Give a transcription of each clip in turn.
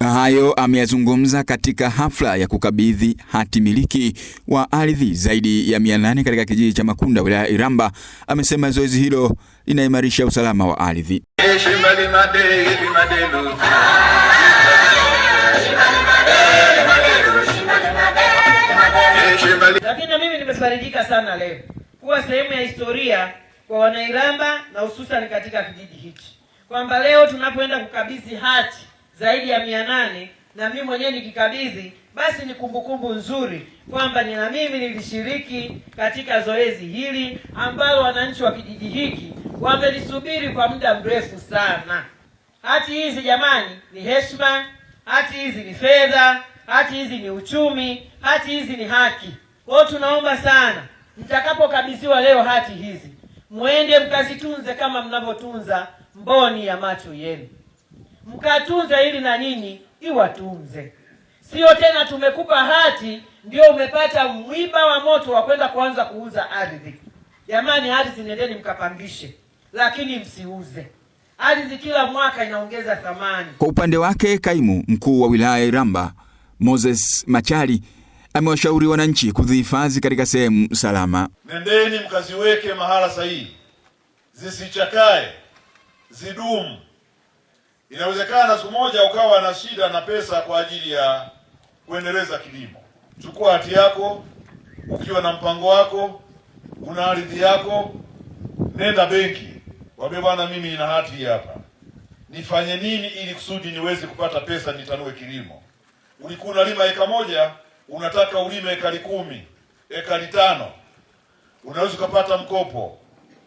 Hayo ameyazungumza katika hafla ya kukabidhi hati miliki wa ardhi zaidi ya 800 katika kijiji cha Makunda wilaya Iramba. Amesema zoezi hilo linaimarisha usalama wa ardhi. Lakini na mimi nimefarijika sana leo kuwa sehemu ya historia kwa Wanairamba na hususan katika kijiji hichi, kwamba leo tunapoenda kukabidhi hati zaidi ya mia nane na mimi mwenyewe nikikabidhi, basi ni kumbukumbu nzuri kwamba ni na mimi nilishiriki katika zoezi hili ambalo wananchi wa kijiji hiki wamelisubiri kwa muda mrefu sana. Hati hizi jamani, ni heshima. Hati hizi ni fedha. Hati hizi ni uchumi. Hati hizi ni haki. Kwa hiyo tunaomba sana, mtakapokabidhiwa leo hati hizi, mwende mkazitunze kama mnavyotunza mboni ya macho yenu mkatunze ili na nyinyi iwatunze. Sio tena tumekupa hati ndio umepata mwiba wa moto wa kwenda kuanza kuuza ardhi. Jamani, ardhi nendeni mkapangishe, lakini msiuze ardhi. Kila mwaka inaongeza thamani. Kwa upande wake, kaimu mkuu wa wilaya ya Iramba Moses Machali amewashauri wananchi kuzihifadhi katika sehemu salama. Nendeni mkaziweke mahala sahihi, zisichakae, zidumu. Inawezekana siku moja ukawa na shida na pesa kwa ajili ya kuendeleza kilimo. Chukua hati yako, ukiwa na mpango wako, una ardhi yako, nenda benki, wambie bwana, mimi nina hati hapa, nifanye nini ili kusudi niweze kupata pesa nitanue kilimo? Ulikuwa unalima eka moja, unataka ulime ekari kumi, ekari tano, unaweza ukapata mkopo,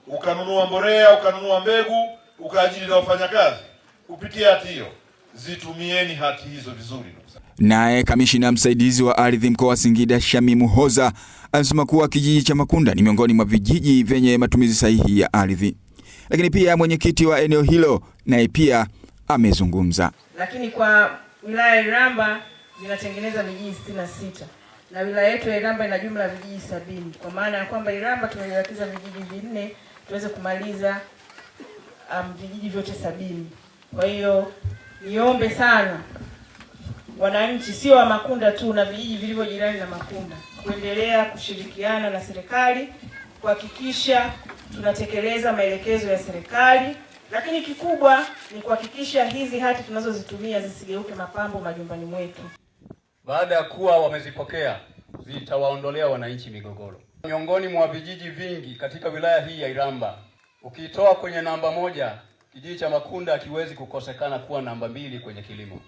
ukanunua mbolea, ukanunua mbegu, ukaajiri na wafanyakazi kupitia hati hiyo, zitumieni hati hizo vizuri. Naye kamishina msaidizi wa ardhi mkoa wa Singida Shamimu Hoza amesema kuwa kijiji cha Makunda ni miongoni mwa vijiji vyenye matumizi sahihi ya ardhi, lakini pia mwenyekiti wa eneo hilo naye pia amezungumza. Lakini kwa wilaya ya Iramba zinatengeneza vijiji sitini na sita na wilaya yetu ya Iramba ina jumla ya vijiji sabini kwa maana ya kwamba Iramba tumebakiza vijiji vinne tuweze kumaliza um, vijiji vyote sabini. Kwa hiyo niombe sana wananchi, sio wa Makunda tu na vijiji vilivyo jirani na Makunda, kuendelea kushirikiana na serikali kuhakikisha tunatekeleza maelekezo ya serikali, lakini kikubwa ni kuhakikisha hizi hati tunazozitumia zisigeuke mapambo majumbani mwetu. Baada ya kuwa wamezipokea, zitawaondolea wananchi migogoro. Miongoni mwa vijiji vingi katika wilaya hii ya Iramba, ukiitoa kwenye namba moja Kijiji cha Makunda hakiwezi kukosekana kuwa namba mbili kwenye kilimo.